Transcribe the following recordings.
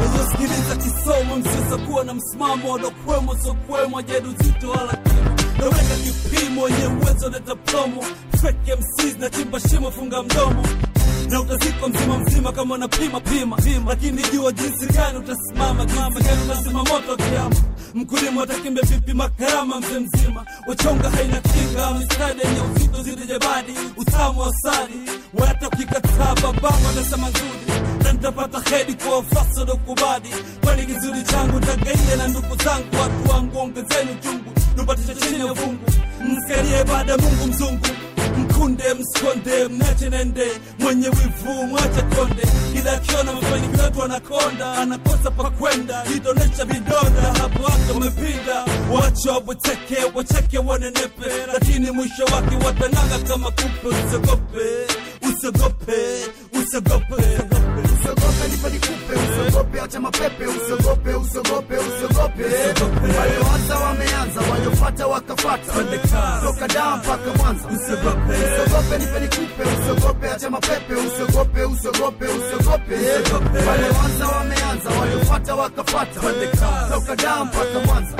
waliosikiliza kisomo msiweza kuwa na msimamo, walokwemo sokwemo jedu zito wala naweka kipimo, wenye uwezo leta promo fake MCs na chimba shimo, funga mdomo na utazikwa mzima mzima kama unapima pima, lakini jua jinsi gani utasimama, jinsi gani utazima moto kiama. Mkulima atakimbe vipi makarama, mzee mzima wachonga haina kinga, mistari yenye uzito zile jabadi, utamu wa wata kikataba babangu atasema nzuri ntapata hedi kwa wafasa dokubadi, kwani kizuri changu tagaile na ndugu zangu, watu wangu ongezeni uchungu, nupatisha chini ya fungu, mskalie baada Mungu mzungu mkunde msikonde, mnache nende, mwenye wivu mwache konde, ila akiona mafanikio watu anakonda, anakosa pa kwenda, jidonesha vidonda, hapo hapo umepinda. Wacha wabweteke, wacheke, wanenepe, lakini mwisho wake watanaga kama kupe. Usiogope, usiogope, usiogope watema pepe, usiogope, usiogope, usiogope. Walioanza wameanza, waliofata wakafata, toka daa mpaka Mwanza. Usiogope, nipe nikupe, usiogope, acha mapepe, usiogope, usiogope, usiogope. Walioanza wameanza, waliofata wakafata, toka daa mpaka Mwanza.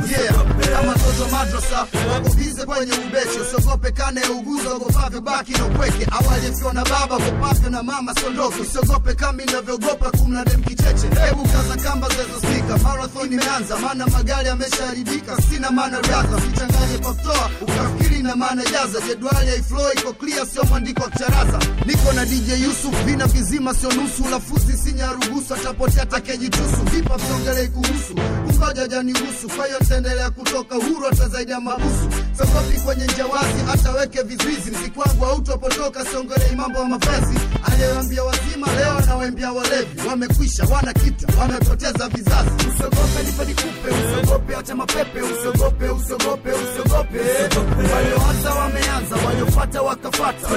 Kama tozo madrasa, wakugize kwenye ubeche, usiogope kane uguza, ogopavyo baki na upweke. Awali na baba, gopavyo na mama sondoke, usiogope kama inavyogopa kumna dem kicheche. Hebu za kamba zinazosika, marathon imeanza, maana magari yameshaharibika, sina maana raka, sichanganye paktoa ukafikiri sina maana jaza, jedwali haiflow iko klia sio mwandiko wa kucharaza. Niko na DJ Yusuf, vina vizima sio nusu, lafuzi sinya ruhusu, atapotea takejitusu, vipa vyongelei kuhusu, ungoja janihusu, kwa hiyo taendelea kutoka huru, hata zaidi ya mahusu sokopi kwenye nja wazi, ataweke vizuizi, msikwangu wangu hautopotoka, siongelei mambo ya mavazi, aliyoambia wazima leo nawaimbia walevi, wamekwisha, wana kita, wamepoteza vizazi, usogope nipe usogope usiogope acha mapepe, usogope usogope usogope, usogope walioanza wameanza, waliofata wakafata,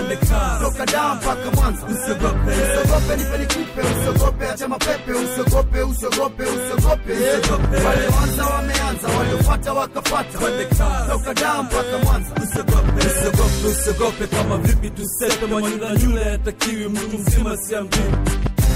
toka daa mpaka Mwanza. Usiogope, usiogope, nipe nikupe, usiogope, acha mapepe, usiogope, usiogope, usiogope. Walioanza wameanza, waliofata wakafata, toka daa mpaka Mwanza. Usiogope, usiogope, usiogope, kama vipi tusepe, Mwanza yule hatakiwi, mtu mzima si ambiwi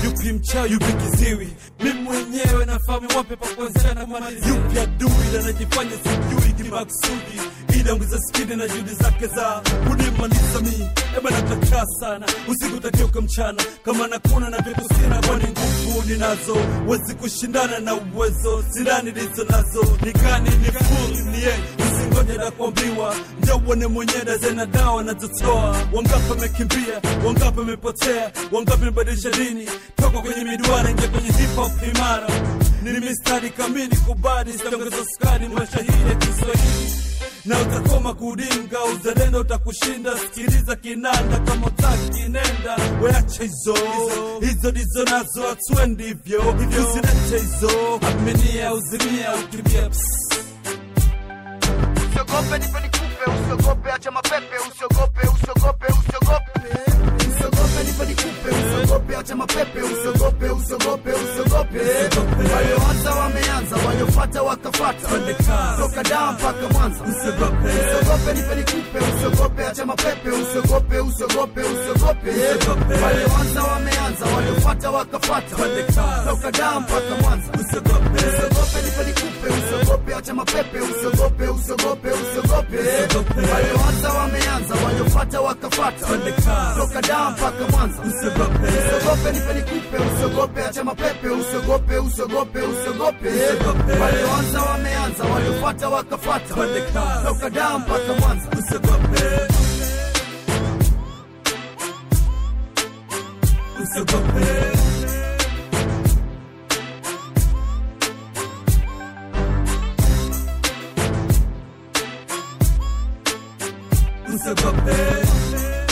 yupi mchawi yupi kiziwi, mimi mwenyewe nafahamu wape pa kuanzia na kumalizia, yupi adui anajifanya sijui kimakusudi inaongeza spidi na juhudi zake za kudimanisami ebana kakaa sana usiku utageuka mchana kama nakuna na vitu sina kwani nguvu ninazo wezi kushindana na uwezo sirani lizo nazo nikani ye Usingoja na kuambiwa mwenye mwenyewe zena dawa na zotoa wangapa mekimbia, wangapa mepotea wangapa mbadisha dini toka kwenye miduara nje kwenye hip hop imara ni mistari kamili kubadi sitaongeza skari mashahiri ya kiswahili na utakoma kudinga, uzalendo utakushinda. Sikiliza kinanda, kama utaki nenda, weacha hizo hizo, ndizo nazo hatwendi hivyo hivyo, usilete hizo, aminia uzimia, ukimbia usiogope, nipe nikupe, usiogope, acha mapepe, usiogope, usiogope, usiogope wote mapepe, usogope, usogope, usogope. Walioanza wameanza, waliofata wakafata, toka daa mpaka Mwanza. Usogope, usogope, nipe nikupe, usogope, acha mapepe, usogope, usogope, usogope. Walioanza wameanza, waliofata wakafata, toka daa mpaka Mwanza. Usogope, usogope, nipe nikupe, usogope, acha mapepe, usogope, usogope, usogope. Walioanza wameanza waliopata wakafata, toka Dar mpaka Mwanza. Usiogope, usiogope, nipe nikupe, usiogope, acha mapepe, usiogope, usiogope, usiogope. Walioanza wameanza, waliopata wakafata, toka Dar mpaka Mwanza. Usiogope, usiogope Pousse papel